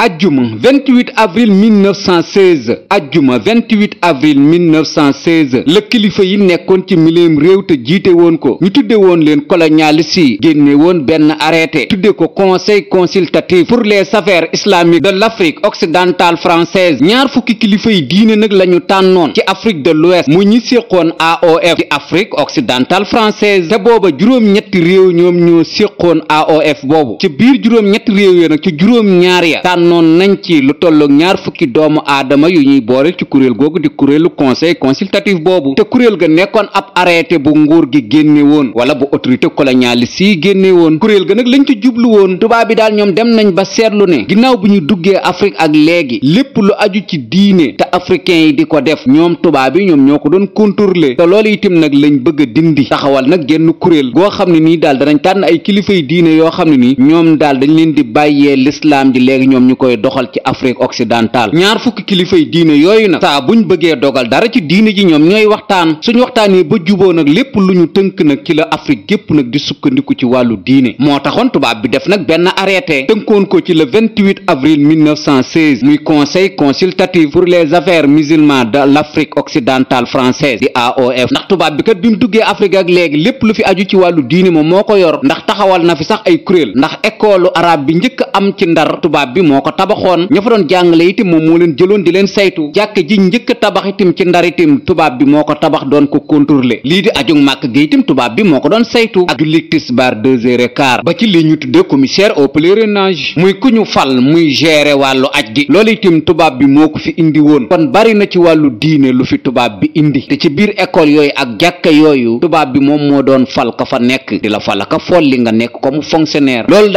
ajjuma 28 avril 1916 ajjuma 28 avril 1916 la kilifa yi nekkoon ci miléem réew te jiite woon ko ñu tudde woon leen colonialiste yi génne woon benn arrêté tudde ko conseil consultatif pour les affaires islamiques de l'Afrique occidentale française ñaar fukki kilifa yi diine nag la ñu tànnoon ci Afrique de l'Ouest mu ñi séqoon AOF ci Afrique occidentale francaise te booba juróom-ñetti réew ñoom ñoo séqoon AOF boobu ci biir juróom-ñetti réew yi ci juróom-ñaar ya tànnoon nañ ci lu tolloog ñaar fukki doomu aadama yu ñuy boole ci kuréel googu di kuréelu conseil consultatif boobu te kuréel ga nekkoon ab arrêté bu nguur gi génne woon wala bu autorité colonialiste yi génne woon kuréel ga nag lañ ci jublu woon tubaab bi daal ñoom dem nañ ba seetlu ne ginnaaw bu ñu duggee Afrique ak léegi lépp lu aju ci diine te africain yi di ko def ñoom tubaab yi ñoom ñoo ko doon contrôler te loolu itam nag lañ bëgg a dindi taxawal nag génn kuréel goo xam ne nii daal danañ tànn ay kilifay diine yoo xam ne nii ñoom daal dañ leen di bàyyee lislaam ji léegi ñoom koy doxal ci afrique occidentale ñaar fukki kilifay diine yooyu nag saa ñu bëggee dogal dara ci diine ji ñoom ñooy waxtaan suñu suñ waxtaanee ba juboo nag lépp lu ñu tënk nag ci la afrique gépp nag di sukkandiku ci wàllu diine moo taxoon tubaab bi def nag benn arrêté tënkoon ko ci le 28 avril 1916 muy conseil consultatif pour les affaires musulmanes de l'afrique occidentale française di AOF ndax tubaab bi kat bi mu duggee afrique ak léegi lépp lu fi aju ci wàllu diine moom moo ko yor ndax taxawal na fi sax ay kuréel ndax école bi njëkk am ci ndar tubaab bi ko tabaxoon ña fa doon jàngale itam moom moo leen jëloon di leen saytu jàkk ji njëkk a tabax itam ci ndar itam tubaab bi moo ko tabax doon ko contrôler lii di ajug màkk gi itam tubaab bi moo ko doon saytu ak julli tisbaar deux heures et quart ba ci li ñu tuddee commissaire au na muy ku ñu fal muy gérer wàllu aj gi loolu itam tubaab bi moo ko fi indi woon kon bari na ci wàllu diine lu fi tubaab bi indi te ci biir école yooyu ak jàkka yooyu tubaab bi moom moo doon fal ka fa nekk di la fal ka folli nga nekk comme fonctionnaire loolu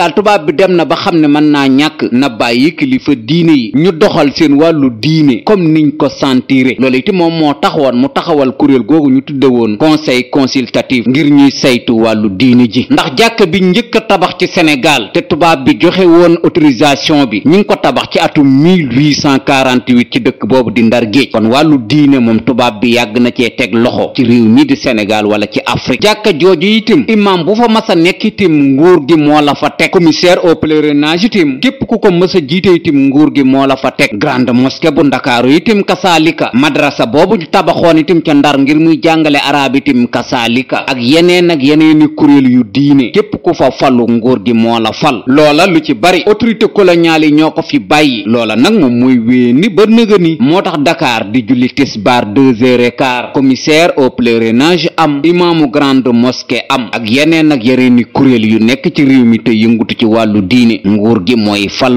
bàyyi kilifa diine yi ñu doxal seen wàllu diine comme niñ ko sentire loolu itam moom moo taxawoon mu taxawal kuréel googu ñu tudde woon conseil consultatif ngir ñuy saytu wàllu diine ji ndax jàkk bi njëkk a tabax ci Sénégal te tubaab bi joxe woon autorisation bi ñu ngi ko tabax ci atum 1848 ci dëkk boobu di Ndar Géej kon wàllu diine moom tubaab bi yàgg na cee teg loxo ci réew mi di Sénégal wala ci Afrique jàkka jooju itam imam bu fa mas nekk itam nguur gi moo jiite itim nguur gi moo la fa teg grande mosquée bu ndakaaru itim kasaalika madrasa boobu tabaxoon itim ca ndar ngir muy jàngale araab itim kasaalika ak yeneen ak yeneeni kuréel yu diine képp ku fa falu nguur gi moo la fal loola lu ci bari autorité coloniale yi ñoo ko fi bàyyi loola nag moom mooy wéeni ba nëga ni moo tax dakaar di julli tisbaar bar heures et quart commissaire au pèlerinage am imaamu grande mosquée am ak yeneen ak yeneeni kuréel yu nekk ci réew mi te yëngutu ci wàllu diine nguur gi mooy fal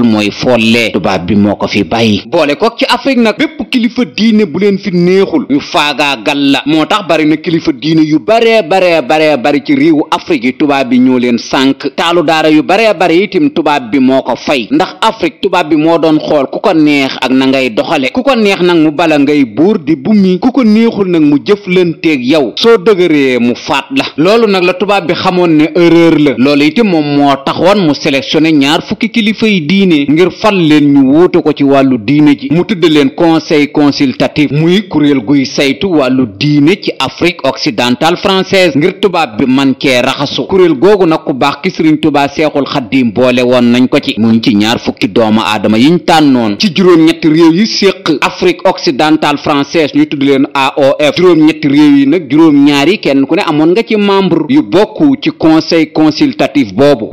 lee tubaab bi moo ko fi bàyyi boole ko ci afrique nag bépp kilifa diine bu leen fi neexul ñu faagaagal la moo tax bari na kilifa diine yu baree baree baree bari ci réewu afrique yi tubaab bi ñoo leen sànk taalu daara yu baree bari itim tubaab bi moo ko fay ndax afrique tubaab bi moo doon xool ku ko neex ak na ngay doxale ku ko neex nag mu bala ngay buur di bumi ku ko neexul nag mu jëflanteeg yow soo dëgëree mu faat la loolu nag la tubaab bi xamoon ne erreur la loolu moom moo taxoon mu sélectionné ñaar fukki kilifa fal leen ñu wóote ko ci wàllu diine ji mu tudde leen conseil consultatif muy kuréel guy saytu wàllu diine ci afrique occidentale francaise ngir tubaab bi man cee raxasu kuréel googu nag ku baax ki sëriñ tubaa seexul xaddiim boole woon nañ ko ci muñ ci ñaar fukki doomu aadama yiñ tànnoon ci juróom-ñetti réew yi séq afrique occidentale française ñu tudd leen AOF juróom-ñetti réew yi nag juróom ñaari kenn ku ne amoon nga ci membre yu bokku ci conseil consultatif boobu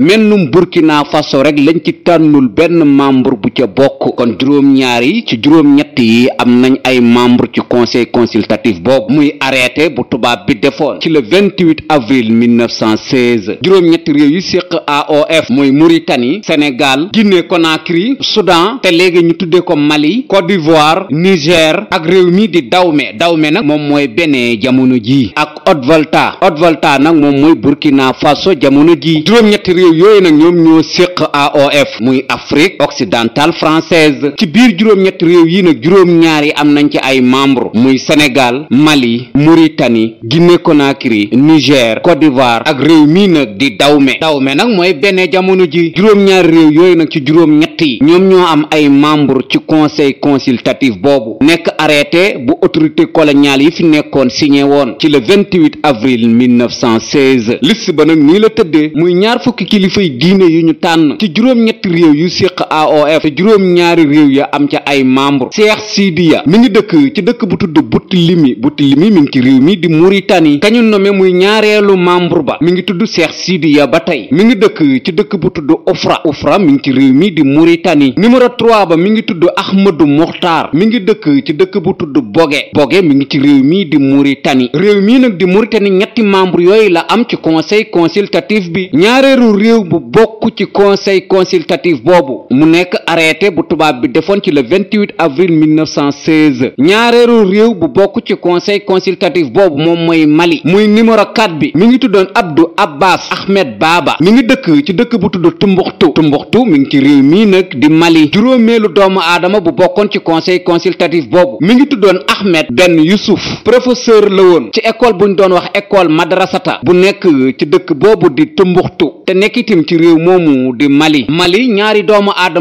membre bu ca bokk kon juróom-ñaar yi ci juróom-ñett yi am nañ ay membre ci conseil consultatif boobu muy arrêté bu tubaab bi defoon ci le 28 avril 1916 juróom-ñetti réew yi séq AOF muy Mauritanie Sénégal Guinée Conakry Soudan te léegi ñu tuddee ko Mali Côte d'Ivoire Niger ak réew mi di Dahomey Dahomey nag moom mooy Bénin jamono ji ak Haute-Volta nag moom mooy Burkina Faso jamono ji juróom-ñetti réew yooyu nag ñoom ñoo séq AOF muy Afrique occidentale française ci biir juróom-ñetti réew yi nag juróom ñaari am nañ ci ay membre muy Sénégal Mali Mauritanie Guinée Conakry Niger Côte d'Ivoire ak réew mii nag di Dahomey Dahomey nag mooy benn jamono ji juróom-ñaari réew yooyu nag ci juróom ñetti yi ñoom ñoo am ay membre ci conseil consultatif boobu nekk arrêté bu autorité coloniale yi fi nekkoon signé woon ci le 28 avril 1916 liste ba nag nii la tëddee muy ñaar fukki kilifay diine yu ñu tànn ci juróom-ñetti AOF te juróom-ñaari réew ya am ca ay membre Cheikh Sidiya mi ngi dëkk ci dëkk bu tudd Boutlimi Boutlimi mi ngi ci réew mi di Mauritanie kañu nommé muy ñaareelu membre ba mi ngi tudd Cheikh Sidiya ba tey mi ngi dëkk ci dëkk bu tudd Ofra Ofra mi ngi ci réew mi di Mauritanie numéro 3 ba mi ngi tudd Ahmadou Mokhtar mi ngi dëkk ci dëkk bu tudd Bogué Bogué mi ngi ci réew mi di Mauritanie réew mi nag di Mauritanie ñetti membre yooyu la am ci conseil consultatif bi ñaareelu réew bu bokk ci conseil consultatif boobu nekk arrêté bu tubaab bi defoon ci le 28 avril 1916 ñaareelu réew bu bokk ci conseil consultatif boobu moom mooy Mali muy numéro 4 bi mu ngi tuddoon Abdou Abbas Ahmed Baba mi ngi dëkk ci dëkk bu tudd Tumbuktu Tumbuktu mi ngi ci réew mii nag di Mali juróomeelu doomu aadama bu bokkoon ci conseil consultatif boobu mi ngi tuddoon Ahmed Ben Youssouf professeur la woon ci école buñ doon wax école madrasata bu nekk ci dëkk boobu di Tumbuktu te nekk itam ci réew moomu di Mali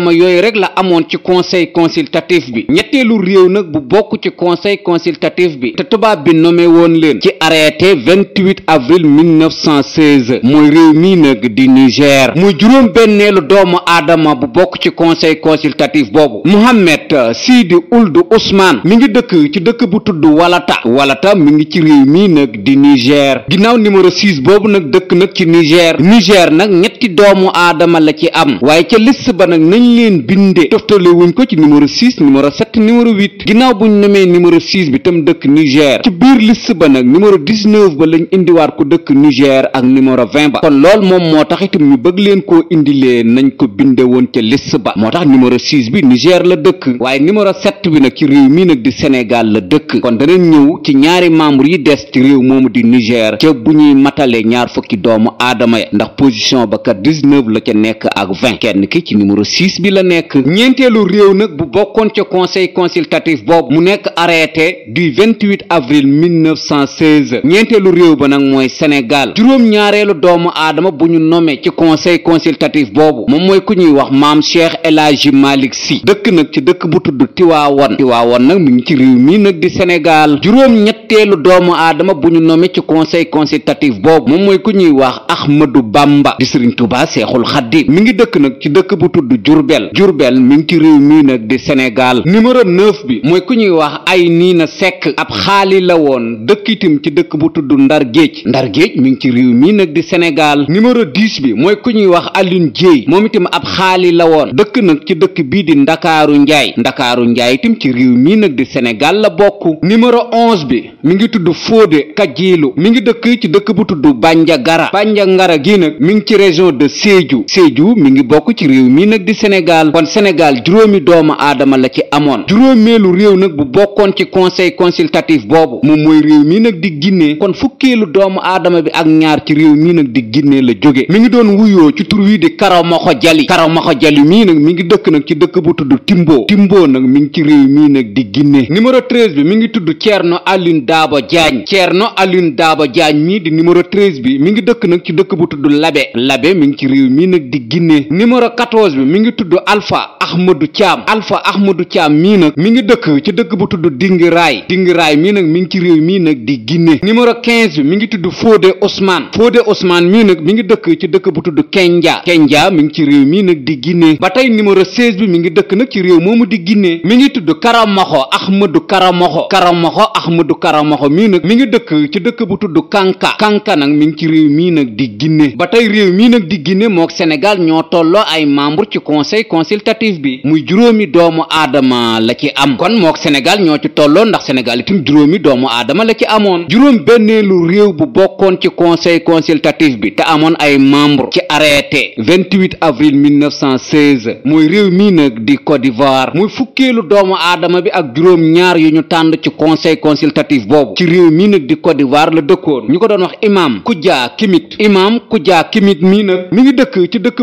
ma yooyu rek la amoon ci conseil consultatif bi ñetteelu réew nag bu bokk ci conseil consultatif bi te tubaab bi nommé woon leen ci arrêté 28 avril 1916 mooy réew mii nag di Niger muy juróom benneelu doomu aadama bu bokk ci conseil consultatif boobu sii Sidi Ould Ousmane mi ngi dëkk ci dëkk bu tudd Walata Walata mu ngi ci réew mii nag di Niger ginnaaw numéro 6 boobu nag dëkk nag ci Niger Niger nag ñetti doomu aadama la ci am waaye ca liste ba nag nañ leen binde toftale wuñ ko ci numéro 6 numéro 7 numéro 8 ginnaaw buñ nomee numéro 6 bi tam dëkk Niger ci biir liste ba nag numéro 19 ba lañ indiwaat ko dëkk Niger ak numéro ba kon lool moom moo tax itam ñu bëgg leen koo indilee nañ ko binde woon ca liste ba moo tax numéro 6 bi Niger la dëkk waaye numéro 7 bi nag ci réew mii nag di Sénégal la dëkk kon danañ ñëw ci ñaari membre yi des ci réew moomu di Niger ca bu ñuy matale ñaar fukki doomu aadama ya ndax position 99 la ca nekk ak 20 kenn ki ci numéro 6 bi la nekk ñeenteelu réew nag bu bokkoon ca conseil consultatif boobu mu nekk arrêté du 28 avril 1916 ñeenteelu réew ba nag mooy Sénégal juróom-ñaareelu doomu aadama bu ñu nomee ci conseil consultatif boobu moom mooy ku ñuy wax maam Cheikh El Hadji Malick Sy dëkk nag ci dëkk bu tudd Tiwaawoon Tiwaawoon nag mi ngi ci réew mii nag di Sénégal juróom-ñetteelu doomu aadama bu ñu nommé ci conseil consultatif boobu moom mooy ku ñuy Touba Seexul Xaddim mi ngi dëkk nag ci dëkk bu tudd Jurbel Jurbel mi ngi ci réew mii nag di Sénégal numéro 9 bi mooy ku ñuy wax ay nii na sekk ab xaali la woon dëkk itam ci dëkk bu tudd Ndar Géej Ndar Géej mi ngi ci réew mii nag di Sénégal numéro 10 bi mooy ku ñuy wax Alioune Dieye moom itam ab xaali la woon dëkk nag ci dëkk bii di Ndakaaru Njaay Ndakaaru Njaay itam ci réew mii nag di senegal la bokk numéro 11 bi mi ngi tudd Fodé Kajilu mi ngi dëkk ci dëkk bu tudd Bandiagara Bandiagara gi nag mi ngi ci région région de Sédhiou Sédhiou mi ngi bokk ci réew mii nag di Sénégal kon Sénégal juróomi doomu aadama la ci amoon juróomeelu réew nag bu bokkoon ci conseil consultatif boobu moom mooy réew mii nag di Guinée kon fukkeelu doomu aadama bi ak ñaar ci réew mii nag di ginnee la jóge mi ngi doon wuyoo ci tur wi di Karamoxo Jali Karamoxo Jali mii nag mi ngi dëkk nag ci dëkk bu tudd Timbo Timbo nag mi ngi ci réew mii nag di Guinée numéro 13 bi mi ngi tudd Thierno Alioune Daba Diagne Thierno Alioune Daba Diagne mii di numéro 13 bi mi ngi dëkk nag ci dëkk bu tudd Labé mi ngi ci réew mi nag di Guinée numéro 14 bi mi ngi tudd alfa Ahmadou Thiam Alpha Ahmadou Thiam mii nag mi ngi dëkk ci dëkk bu tudd Dingiraay Dingiraay mii nag mi ngi ci réew mii nag di Guinée numéro 15 mi ngi tudd Fodé Ousmane Fodé Ousmane mii nag mi ngi dëkk ci dëkk bu tudd Kenja Kenja mi ngi ci réew mii nag di Guinée ba tey numéro 16 bi mi ngi dëkk nag ci réew moomu di Guinée mi ngi tudd Karamoxo Ahmadou Karamoxo Karamoxo Ahmadou Karamoxo mii nag mi ngi dëkk ci dëkk bu tudd Kanka Kanka mi ngi ci réew mii nag di Guinée ba tey réew mii nag di Guinée mook Sénégal ñoo tolloo ay membre ci conseil consultatif bi muy juróomi doomu aadama la ci am kon mook Sénégal ñoo ci tolloo ndax Sénégal itam juróomi doomu aadama la ci amoon juróom benneelu réew bu bokkoon ci conseil consultatif bi te amoon ay membre ci arrêté 28 avril 1916 mooy réew mii nag di Côte d'Ivoire muy fukkeelu doomu aadama bi ak juróom ñaar yu ñu tànd ci conseil consultatif boobu ci réew mii nag di Côte d'Ivoire la dëkkoon ñu ko doon wax imam Kujaa Kimit imam Kujaa Kimit mii ngi dëkk ci dëkk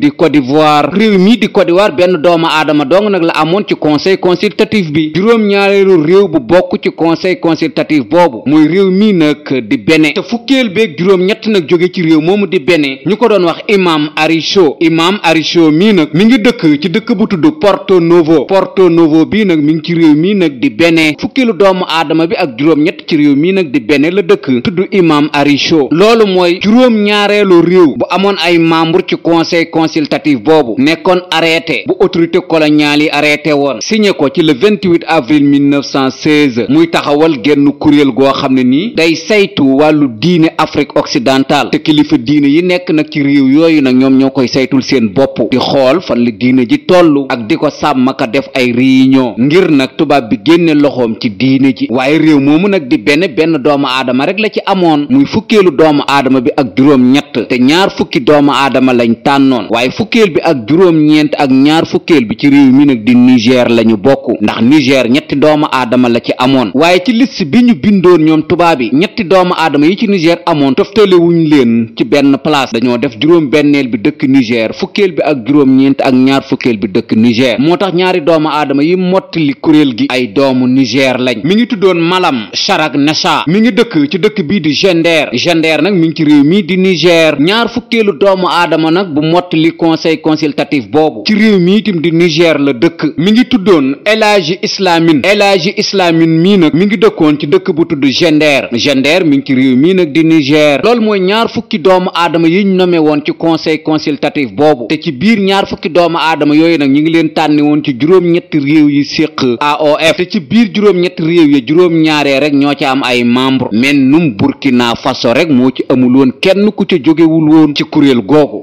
di Côte d'Ivoire réew mii di Côte d'Ivoire benn doomu aadama dong nag la amoon ci conseil consultatif bi juróom-ñaareelu réew bu bokk ci conseil consultatif boobu mooy réew mii nag di Bénin te fukkeel beeg juróom-ñett nag jóge ci réew moomu di Bénin ñu ko doon wax imam Aricho imam Aricho mii nag mi ngi dëkk ci dëkk bu tudd Porto Novo Porto Novo bii nag mi ngi ci réew mii nag di Bénin fukkeelu doomu aadama bi ak juróom-ñett ci réew mii nag di Bénin la dëkk tudd imam Aricho loolu mooy juróom-ñaareelu réew consultative boobu nekkoon arrêté bu autorité coloniale yi arrêté woon signe ko ci le 28 avril 1916 muy taxawal genn kuréel goo xam ne nii day saytu wàllu diine Afrique occidentale te kilifa diine yi nekk nag ci réew yooyu nag ñoom ñoo koy saytul seen bopp di xool fan la diine ji tollu ak di ko sàmmaka def ay réunion ngir nag tubaab bi génne loxoom ci diine ji waaye réew moomu nag di benn benn doomu aadama rek la ci amoon muy fukkeelu doomu aadama bi ak juróom ñett ñaar fukki doomu aadama lañ tànnoon waaye fukkeel bi ak juróom-ñeent ak ñaar fukkeel bi ci réew mi nag di Niger la ñu bokk ndax Niger ñetti doomu aadama la ci amoon waaye ci liste bi ñu bindoon ñoom tubaab yi ñetti doomu aadama yi ci Niger amoon toftale wuñ leen ci benn place dañoo def juróom-benneel bi dëkk Niger fukkeel bi ak juróom-ñeent ak ñaar fukkeel bi dëkk Niger moo tax ñaari doomu aadama yi mottali kuréel gi ay doomu Niger lañ mi ngi tuddoon Malam Charak Nacha mi ngi dëkk ci dëkk bii di Gender Gender nag mi ngi ci réew mii di Niger ñaar fukkeelu doomu aadama li conseil consultatif boobu ci réew mi itam di Niger la dëkk mi ngi tuddoon El Hadji Islamine El Islamine mii nag mi ngi dëkkoon ci dëkk bu tudd Gender Gender mi ngi ci réew mii nag di Niger loolu mooy ñaar fukki doomu aadama yi ñu nommé woon ci conseil consultatif boobu te ci biir ñaar fukki doomu aadama yooyu nag ñu ngi leen tànni woon ci juróom-ñetti réew yi séq AOF te ci biir juróom-ñetti réew yi juróom-ñaaree rek ñoo ci am ay membre mennum Burkina Faso rek moo ci amul woon kenn ku ca jógewul woon ci kuréel googu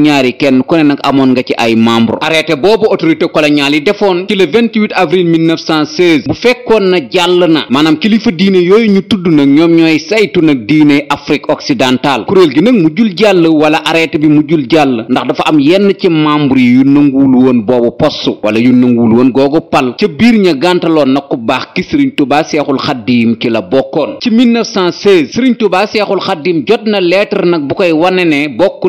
ñoom ñaari kenn ku ne nag amoon nga ci ay membre arrêté boobu autorité coloniale yi defoon ci le 28 avril 1916 bu fekkoon na jàll na maanaam kilifa diine yooyu ñu tudd nag ñoom ñooy saytu nag diine Afrique occidentale kuréel gi nag mujjul jàll wala arrêté bi mu jul jàll ndax dafa am yenn ci membre yi yu nanguwul woon boobu post wala yu nanguwul woon googu pal ca biir ña gàntaloon na ku baax ki Sëriñ Tuubaa Seexul Xaddiim ci la bokkoon ci 1916 Sëriñ Tuubaa Seexul Xaddiim jot na lettre nag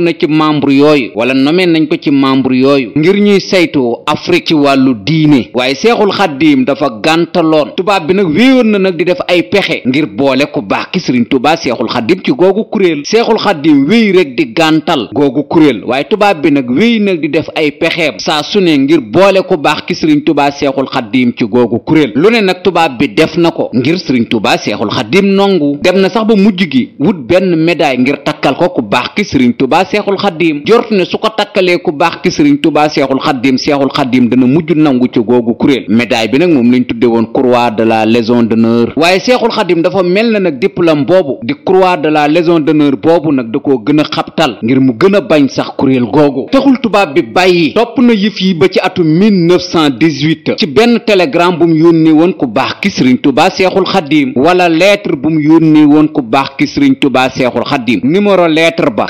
na ci membre yooyu wala nomee nañ ko ci membre yooyu ngir ñuy saytu Afrique ci wàllu diine waaye seexul xaddiim dafa gàntaloon tubaab bi nag wéewoon na nag di def ay pexe ngir boole ku baax ki sëriñ tubaa seexul xaddiim ci googu kuréel seexul xaddiim wéy rek di gàntal googu kuréel waaye tubaab bi nag wéy nag di def ay pexeem saa su ne ngir boole ku baax ki sëriñ tubaa seexul xaddiim ci googu kuréel lu ne nag tubaab bi def na ko ngir sëriñ tubaa seexul xaddiim nongu dem na sax ba mujj gi wut benn médaille ngir takkal ko ku baax ki sëriñ tubaa seexul xaddiim jort jot ne su ko takkalee ku baax ki sëriñ tubaa seexul xaddim seexul xaddim dana mujj nangu ci googu kuréel médaille bi nag moom lañ tudde woon croix de la légion d'honneur waaye seexul xaddim dafa mel na nag diplôme boobu di croix de la légion d'honneur boobu nag da koo gën a xabtal ngir mu gën a bañ sax kuréel googu texul tubaab bi bàyyi topp na yëf yi ba ci atum 1918 ci benn télégramme bu mu yónnee woon ku baax ki sëriñ tubaa seexul xaddiim wala lettre bu mu yónnee woon ku baax ki sëriñ tubaa seexul xaddim numéro ba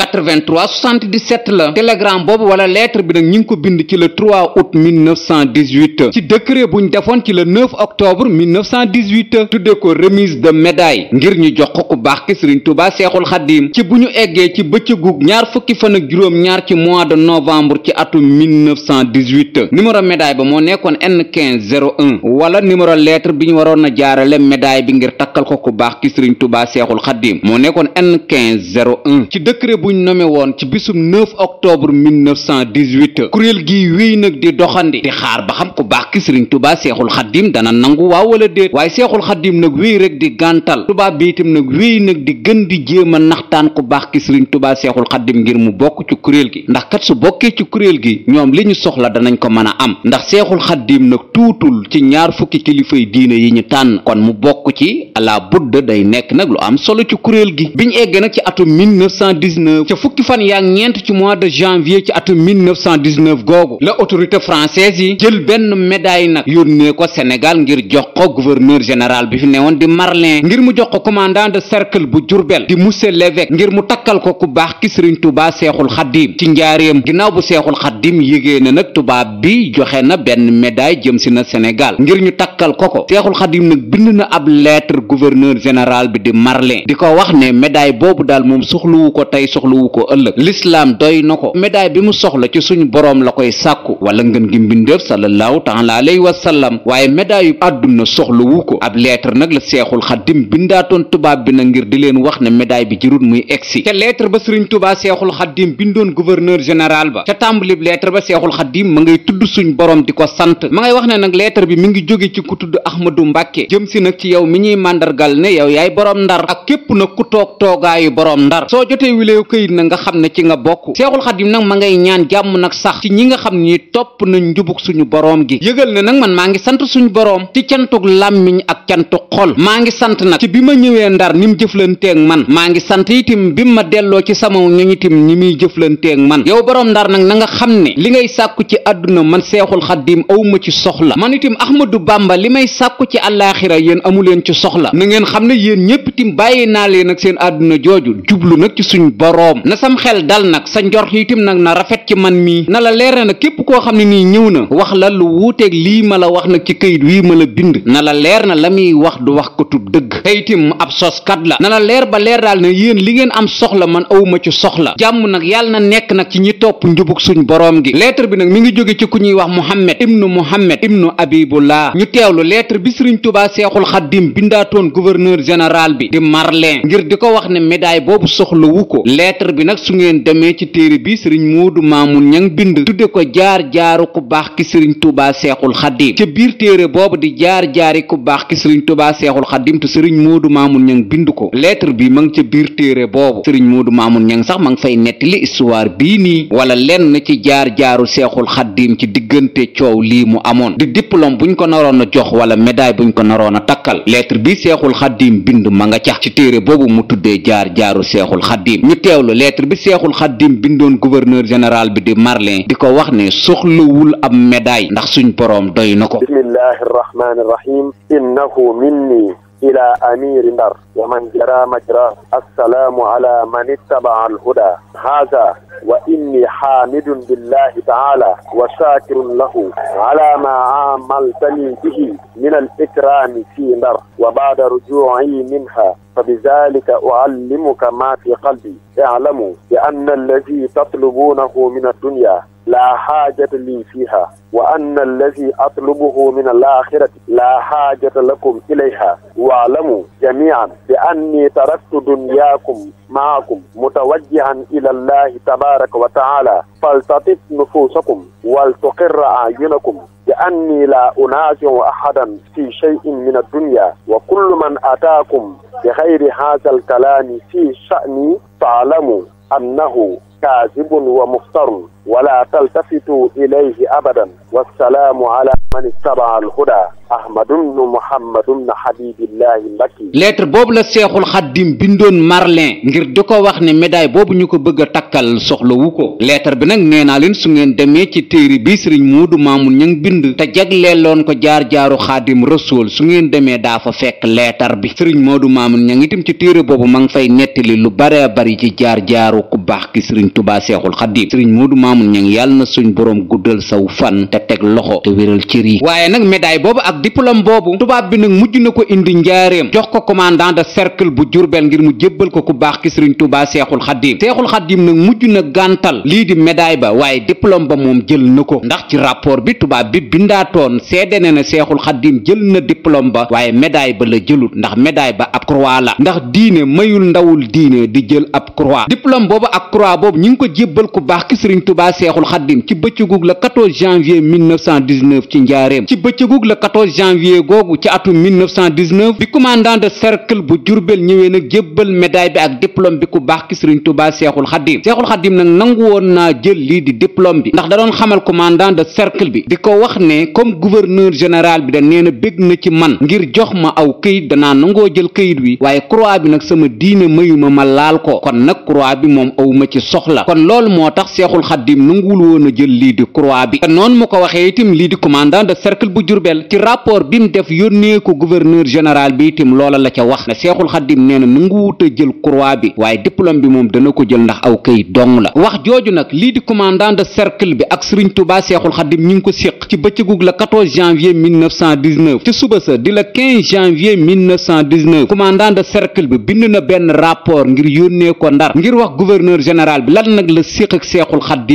la télégramme boobu wala lettre bi nag ñi ngi ko bind ci le 3 août 1918 ci décret buñ defoon ci le 9 octobre 1918 tuddee ko remise de médaille ngir ñu jox ko ku baax ki Serigne Touba Seexul Xaddiim ci bu ñu eggee ci bëccëgu ñaar fukki fan ak juróom-ñaar ci mois de novembre ci atum 1918 numéro médaille ba moo nekkoon N1501 wala numéro lettre bi ñu waroon a jaarale médaille bi ngir takkal ko ku baax ki Serigne Touba Seexul Xaddiim moo nekkoon N1501 ci décret buñ nommé woon ci bisum 9 octobre 1918 kuréel gi wéy nag di doxandi di xaar ba xam ku baax ki sëriñ tubaa seexul xaddim dana nangu waaw a déet waaye seexul xaddim nag wéy rek di gàntal tubaab bi itam nag wéy nag di gën di jéem a naxtaan ku baax ki sëriñ tubaa seexul xaddim ngir mu bokk ci kuréel gi ndax kat su bokkee ci kuréel gi ñoom li ñu soxla danañ ko mën a am ndax seexul xaddim nag tuutul ci ñaar fukki kilifay diine yi ñu tànn kon mu bokk ci ala budda day nekk nag lu am solo ci kuréel gi biñ eggee nag ci atum janvier ci atum 1919 googu la autorité française yi jël benn médaille nag yónnee ko Sénégal ngir jox ko gouverneur général bi fi woon di Marlin ngir mu jox ko commandant de cercle bu Diourbel di monsieur l'évêque ngir mu takkal ko ku baax ki Serigne Touba Seexul Xaddiim ci njaareem ginnaaw bu Seexul Xaddiim yégée na nag tubaab bi joxe na benn médaille jëm si na Sénégal ngir ñu takkal ko ko Seexul Xaddiim nag bind na ab lettre gouverneur général bi di Marlin di ko wax ne médaille boobu daal moom soxluwu ko tey soxluwu ko ëllëg ko médaille bi mu soxla ci suñu boroom la koy sàkku wala ngën gi mbindeef sallallahu taala la wa sallam waaye médaille yu àdduna soxla wu ko ab lettre nag la seexul xaddim bindaatoon tubaab bi na ngir di leen wax ne médaille bi jirut muy egsi ca lettre ba sëriñ tubaa seexul xaddim bindoon gouverneur général ba ca tàmbalib lettre ba ma ngay tudd suñ boroom di ko sant ma ngay wax ne nag lettre bi mi ngi jóge ci ku tudd ahmadu mbàkke jëm si nag ci yaw mi ñuy màndargal ne yow yaay boroom ndar ak képp nag ku toog toogaayu boroom ndar soo jotee wileew këyit na nga xam ne ci nga bokk nag ma ngay ñaan jàmm nag sax ci ñi nga xam ni topp nañ njubug suñu boroom gi yëgal ne nag man maa ngi sant suñu boroom ci cantug làmmiñ ak cantug xol maa ngi sant nag ci bi ma ñëwee ndar ni mu jëflanteeg man maa ngi sant itim bi ma delloo ci sama ñoñ itim ni muy jëflanteeg man yow boroom ndar nag na nga xam ne li ngay sàkku ci àdduna man seexul xadim awma ci soxla man itim ahmadu bàmba li may sàkku ci àllaaxira yéen amuleen ci soxla na ngeen xam ne yéen ñépp itim bàyyi naa leen ak seen àdduna jooju jublu nag ci suñu boroom itam nag na rafet ci man mii na la leer na képp koo xam ne nii ñëw na wax la lu wuuteeg lii ma la wax nag ci kayit wii ma la bind na la leer na la muy wax du wax ko tub dëgg te itam ab soskat la na la leer ba leer daal na yéen li ngeen am soxla man awuma ci soxla jàmm nag yàlla na nekk nag ci ñi topp njubug suñ boroom gi lettre bi nag mi ngi jóge ci ku ñuy wax Muhammad ibnu Muhammad ibnu Abibullah ñu teewlu lettre bi Sëriñ Tuubaa Seexul Xaddim bindaatoon gouverneur général bi di Marlin ngir di ko wax ne médaille boobu soxla wu ko lettre bi sëriñ Moodu Maamun ñang bind tudde ko jaar-jaaru ku baax ki sëriñ Tuubaa Seexul Xaddiim ca biir téere boobu di jaar-jaari ku baax ki sëriñ Tuubaa Seexul Xaddiim te sëriñ Moodu Maamun ñang bind ko lettre bi ma ngi ca biir téere boobu sëriñ Moodu Maamun ñang sax ma ngi fay nettali histoire bii nii wala lenn ci jaar-jaaru Seexul Xaddiim ci diggante coow lii mu amoon di diplôme buñ ko naroon a jox wala médaille buñ ko naroon a takkal lettre bi Seexul Xaddiim bind ma nga cax ci téere boobu mu tuddee jaar-jaaru Seexul Xaddiim ñu teewlu lettre bi Seexul Xaddiim bindoon gouverneur général bi di Marlin di ko wax ne soxlawul am médaille ndax suñ boroom doy na ko bismillahi rahmani rahim innahu minni ila amiri ndar wa man jara majra assalaamu ala man ittabaa alhuda haada wa inni xaamidun billahi taala wa shaakirun lahu ala maa amaltani bihi min alikraami fii ndar wa baada rujuuci minha فبذلك أعلمك ما في قلبي اعلموا بأن الذي تطلبونه من الدنيا laa xaajata lii fiiha wa anna allazi atlubuhu min alaaxirati laa xaajata lakum ilayha waalamu jamian bi anni taraktu dunyaakum maakum mutawajjihan ila allahi tabaraka wa taala faltatif nufuusakum waltuqirra ayunakum bi anni laa unaasiu ahadan fi cheyin min addunya wa kullu man ataakum bi xayri haada alkalaami fi sha'ni faalamu annahu kaazibun wa muftarun wala taltafitu ilayhi abadan wassalaamu ala man ittabaa alhuda ahmadubnu muhammadubnu habibillahi mbakki lettre boobu la seexul xaddim bindoon Marlin ngir di ko wax ni médaille boobu ñu ko bëgg a takkal soxlawu ko lettre bi nag nee naa leen su ngeen demee ci téere bi sëriñ muudu maamun ña ngi bind te jagleeloon ko jaar-jaaru xaadim rasuul su ngeen demee daa fa fekk leetar bi sëriñ moodu maamun ña ngi itam ci téere boobu ma ngi fay nettali lu bare bari ci jaar-jaaru ku baax ki sëriñ tubaa seexul xaddim sëriñ muudu Maamun Ñaŋ yàlla na suñ boroom guddal saw fan te teg loxo te wéral cër yi waaye nag médaille boobu ak diplôme boobu tubaab bi nag mujj na ko indi njaareem jox ko commandant de bu Jurbel ngir mu jébbal ko ku baax ki Sëriñ Tuubaa Seexul Xadiim Seexul Xadiim nag mujj na gàntal lii di médaille ba waaye diplôme ba moom jël na ko ndax ci rapport bi tubaab bi bindaatoon seede ne na Seexul Xadiim jël na diplôme ba waaye médaille ba la jëlut ndax médaille ba ab croix la ndax diine mayul ndawul diine di jël ab croix Touba Seexul Xaddim ci bëccëgug la 14 janvier 1919 ci njaareem ci googu ci atum bi commandant de cercle bu Jurbel bi ku baax ki Sëriñ Seexul Xaddim nag nangu woon naa jël lii di diplôme bi ndax da doon xamal commandant de bi di ko wax ne comme gouverneur général bi da nee na bég na ci man ngir jox ma aw këyit danaa nangoo jël këyit wi waaye croix bi nag sama diine mayuma ma laal ko kon nag croix bi moom awuma ci soxla kon loolu moo tax Seexul Xaddim Khadim nanguwul woon a jël lii di croix bi noonu mu ko waxee itam lii di commandant de cercle bu Diourbel ci rapport bi mu def yónnee ko gouverneur général bi itam loola la ca wax na Seexul Xadim nee na nanguwuta jël croix bi waaye diplôme bi moom dana ko jël ndax aw këyit dong la wax jooju nag lii di commandant de cercle bi ak Serigne Touba Seexul Xadim ñu ngi ko séq ci bëccëgug la 14 janvier 1919 ci suba sa di la 15 janvier 1919 commandant de cercle bi bind na benn rapport ngir yónnee ko Ndar ngir wax gouverneur général bi la séq ak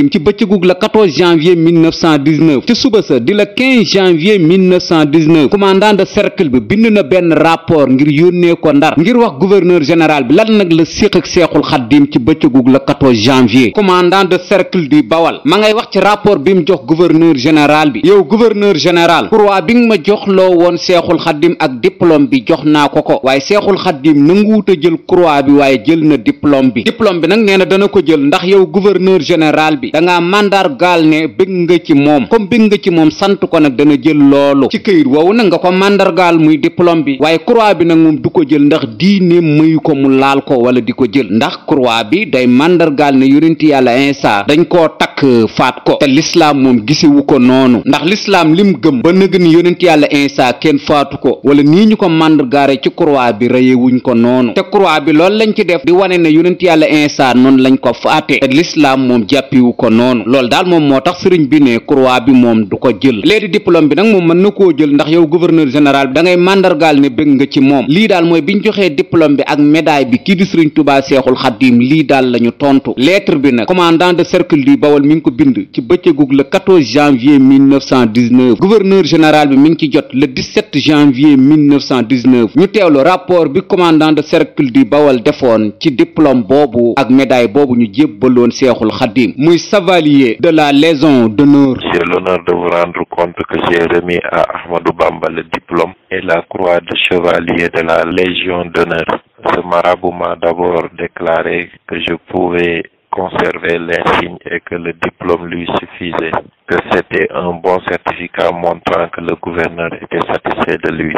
Pikine ci bëccëgug la 14 janvier 1919 ci suba sa di la 15 janvier 1919 commandant de cercle bi bind na benn rapport ngir yónnee ko ndar ngir wax gouverneur général bi lan nag la séq ak seexul xaddiim ci bëccëgug la 14 janvier commandant de cercle du Bawal ma ngay wax ci rapport bi mu jox gouverneur général bi yow gouverneur général croix bi nga ma jox loo woon seexul xaddiim ak diplôme bi jox naa ko ko waaye seexul xaddiim nanguwut a jël croix bi waaye jël na diplôme bi diplôme bi nag nee na dana ko jël ndax yow gouverneur général bi dangaa màndargaal ne bëgg nga ci moom comme bëgg nga ci moom sant ko nag dana jël loolu ci këyit woowu nag nga ko màndargaal muy diplôme bi waaye croix bi nag moom du ko jël ndax diine mayu ko mu laal ko wala di ko jël ndax croix bi day màndargaal ne yonenti yàlla Insa dañ koo takk faat ko te lislaam moom gisewu ko noonu ndax lislaam lim gëm ba nëg ni yonenti yàlla Insa kenn faatu ko wala nii ñu ko màndargaare ci croix bi reyewuñ ko noonu te croix bi loolu lañ ci def di wane ne yonenti yàlla Insa noonu lañ ko faate lislaam moom jàppiwu ko ko noonu loolu daal moom moo tax sëriñ bi ne croix bi moom du ko jël léegi diplôme bi nag moom mën na koo jël ndax yow gouverneur général bi da ngay màndargaal ne bëgg nga ci moom lii daal mooy biñ joxee diplôme bi ak médaille bi kii di sëriñ Tuubaa Seexul Xadiim lii daal la ñu tontu lettre bi nag commandant de cercle du Bawol mi ngi ko bind ci bëccëgug le 14 janvier 1919 gouverneur général bi mi ngi ci jot le 17 janvier 1919 ñu teewlu rapport bi commandant de cercle du Bawol defoon ci diplôme boobu ak médaille boobu ñu jébbaloon Seexul Xadiim muy Savalier de la Légion d'honneur. J'ai l'honneur de vous rendre compte que j'ai remis à Ahmadou Bamba le diplôme et la croix de chevalier de la Légion d'honneur. Ce marabout m'a d'abord déclaré que je pouvais conserver l'insigne et que le diplôme lui suffisait, que c'était un bon certificat montrant que le gouverneur était satisfait de lui.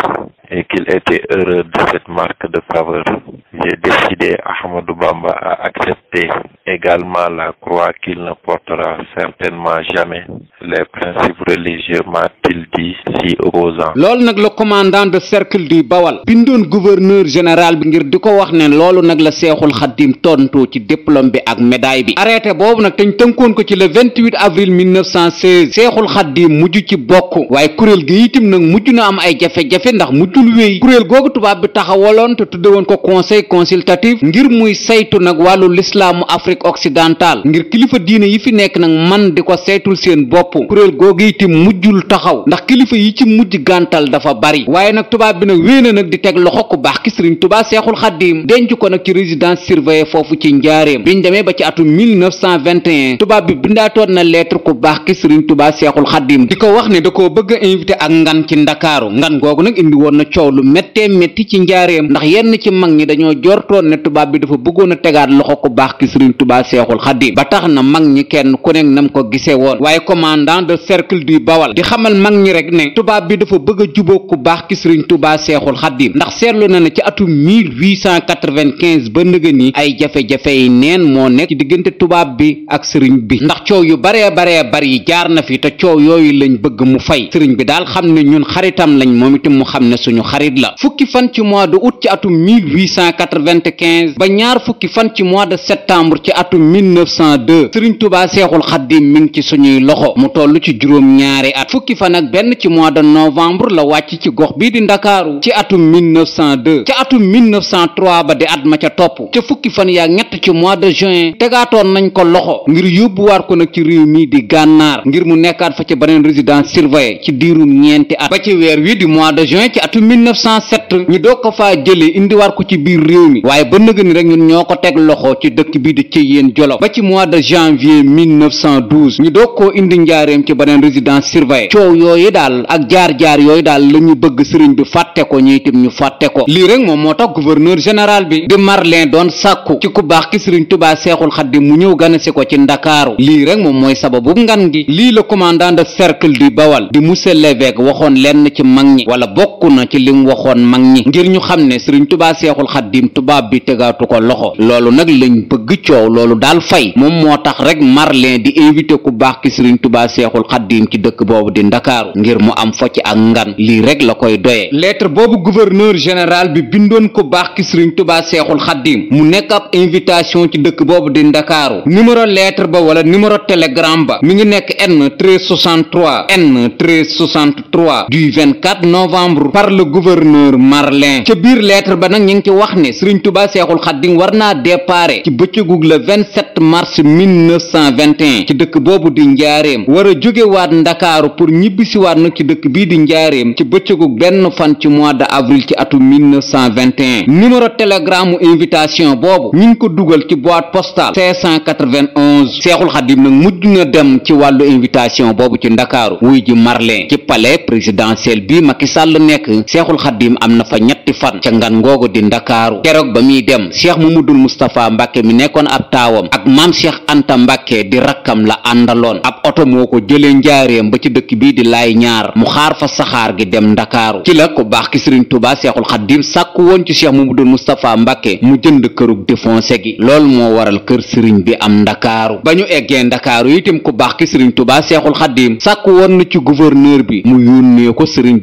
et qu'il était de cette marque de faveur. J'ai décidé, Ahmadou la croix qu'il loolu nag la commandant de cercle du Bawal bindoon gouverneur général bi ngir di ko wax ne loolu nag la seexul xaddim tontu ci diplôme bi ak médaille bi. arrêté boobu nag dañ tënkoon ko ci le 28 avril 1916 seexul xaddim mujj ci bokk waaye kuréel gi itam nag mujj na am ay jafe-jafe ndax mujj. jotul wéy kuréel googu tubaab bi taxawaloon te tuddewoon ko conseil consultatif ngir muy saytu nag wàllu lislaamu afrique occidentale ngir kilifa diine yi fi nekk nag man di ko saytul seen bopp kuréel googu itam mujjul taxaw ndax kilifa yi ci mujj gàntal dafa bari waaye nag tubaab bi nag wéy na nag di teg loxo ku baax ki sëriñ tubaa seexul xaddiim denc ko nag ci résidence surveillée foofu ci njaareem biñ demee ba ci atum 1921 tubaab bi bindaatoon na lettre ku baax ki sëriñ tubaa seexul xaddiim di ko wax ne da koo bëgg invité ak ngan ci ndakaaru ngan coow lu méttee métti ci njaareem ndax yenn ci mag ñi dañoo jortoon ne tubaab bi dafa bëggoon a tegaat loxo ku baax ki sëriñ tubaa seexul xadim ba tax na mag ñi kenn ku nekk nam ko gisee woon waaye commandant de cercle du bawal di xamal mag tubaab a juboo ku baax ki sëriñ tubaa seexul xadim ndax seetlu na ne ci atum ba nëga ni ay jafe-jafe yi neen moo nekk ci diggante tubaab bi ak sëriñ bi ndax coow yu bare baree bari jaar na fi te coow yooyu lañ bëgg mu fay sëriñ bi daal xam ne ñun xaritam lañ moom itam mu xam ne suñu suñu xarit la fukki fan ci mois de août ci atum 1895 ba ñaar fukki fan ci mois de septembre ci atum 1902 sëriñ tubaa seexul xaddim mi ci suñuy loxo mu toll ci juróom ñaari at fukki fan ak benn ci mois de novembre la wàcc ci gox bii di ndakaaru ci atum 1902 ci atum 1903 ba di at ma ca topp ca fukki fan yaa ñett ci mois de juin tegaatoon nañ ko loxo ngir yóbbuwaat ko nag ci réew mii di gànnaar ngir mu nekkaat fa ca beneen résidence surveillée ci diirum ñeenti at ba ci weer wi di mois de juin 1907 ñu doog ko faa jëlee indiwaat ko ci biir réew mi waaye ba nëg ni rek ñun ñoo ko teg loxo ci dëkk bi di Thiéyène jolo ba ci mois de janvier 1912 ñu doog koo indi njaareem ci beneen résidence surveillée coow yooyu daal ak jaar-jaar yooyu daal la ñu bëgg sëriñ bi fàtte ko ñuy tim ñu fàtte ko lii rek moom moo tax gouverneur général bi di Marlin doon sàkku ci ku baax ki sëriñ Tubaa Seexul di mu ñëw ganesi ko ci Ndakaaru lii rek moom mooy sababu ngan gi lii la commandant de cercle du Bawal di monsieur l'évêque waxoon lenn ci mag ñi wala bokk li mu waxoon mag ñi ngir ñu xam ne sëriñ tubaa seexul xaddim tubaab bi tegaatu ko loxo loolu nag lañ bëgg coow loolu daal fay moom moo tax rek Marlin di invité ku baax ki sëriñ tubaa seexul xaddim ci dëkk boobu di ndakaaru ngir mu am focc ak ngan lii rek la koy doyee lettre boobu gouverneur général bi bindoon ku baax ki sëriñ tubaa seexul xaddim mu nekk ab invitation ci dëkk boobu di ndakaaru numéro lettre ba wala numéro télégramme ba mu ngi nekk n 1363 n 1363 du 24 novembre par gouverneur Marlin ca biir lettre ba nag ñu ngi ci wax ne Serigne Touba Seexul Xaddim war naa déparé ci bëccëgug le 27 mars 1921 ci dëkk boobu di njaareem war a jógewaat ndakaaru pour ñibbisiwaat nag ci dëkk bii di njaareem ci bëccëgug benn fan ci mois de avril ci atum 1921 numéro télégramme invitation boobu ñu ngi ko dugal ci boîte postale 591 Seexul Xaddim nag mujj na dem ci wàllu invitation boobu ci ndakaaru wuy ji Marlin ci palais présidentiel bi Macky Sall nekk seexul xaddim am na fa ñetti fan ca ngan ngoogu di ndakaaru keroog ba muy dem seex mamudul mustapha mbàkke mi nekkoon ab taawam ak maam seex anta mbàkke di rakkam la àndaloon ab oto moo ko jëlee njaareem ba ci dëkk bii di laay ñaar mu xaar fa saxaar gi dem ndakaaru ci la ko baax ki sëriñ tubaa seexul xaddim sàkku woon ci seex mamudul mustapha mbàkke mu jënd kërug défoncé gi lool moo waral kër sëriñ bi am ndakaaru ba ñu eggee ndakaaru itam ku baax ki sëriñ tubaa seexul xaddim sàkku woon bi mu yónnee ko sëriñ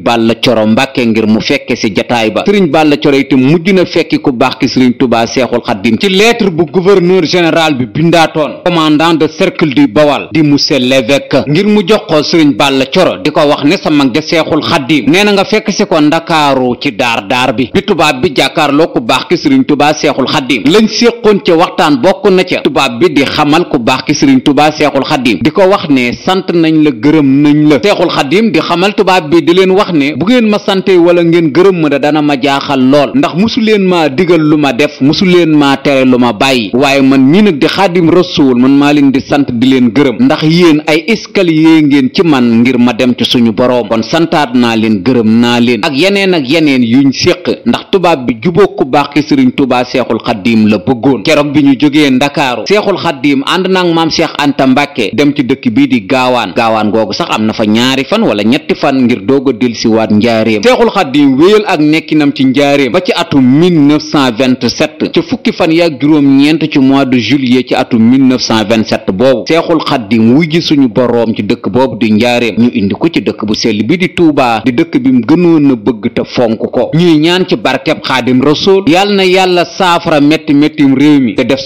ngir mu fekke si jataay ba sëriñ Balla Coro itam mujj na fekki ku baax ki sëriñ Tuubaa Seexul Xaddim ci lettre bu gouverneur général bi bindaatoon commandant de cercle du Bawal di monsieur l'évêque ngir mu jox ko sëriñ Balla Coro di ko wax ne sa mag ja Seexul Xaddim na ci daar daar bi bi tubaab bi ku baax ki sëriñ Tuubaa Seexul Xaddim lañ séqoon ca waxtaan bokk na ca tubaab bi di xamal ku baax ki sëriñ Tuubaa Seexul Xaddim di ko wax ne sant nañ la gërëm nañ la Seexul Xaddim di xamal tubaab bi di leen wax ne bu wala ngeen gërëm mën da dana ma jaaxal lool ndax musu leen maa digal lu ma def musu leen maa tere lu ma bàyyi waaye man mii di xaadim rasuul man maa leen di sant di leen gërëm ndax yéen ay escalier ngeen ci man ngir ma dem ci suñu boroom kon santaat naa leen gërëm naa leen ak yeneen ak yeneen yuñ séq ndax tubaab bi juboo ku baax ki sëriñ tubaa seexul xaddiim la bëggoon keroog bi ñu jógee ndakaaru seexul xaddiim ànd naag maam seex anta mbàkke dem ci dëkk bii di gaawaan gaawaan googu sax am na fa ñaari fan wala ñetti fan ngir doog a dellusiwaat njaareem xaddim wéyal ak nekkinam ci njaareem ba ci atum 1927 ci fukki fan yaak juróom-ñeent ci mois de juillet ci atum 1927 boobu seexul xaddim wuy ji suñu boroom ci dëkk boobu di njaareem ñu indi ko ci dëkk bu sell bi di Touba di dëkk bi mu gënoon na bëgg te fonk ko ñuy ñaan ci barkeb xaadim rasool yal na yàlla saafara metti mettim réew mi te def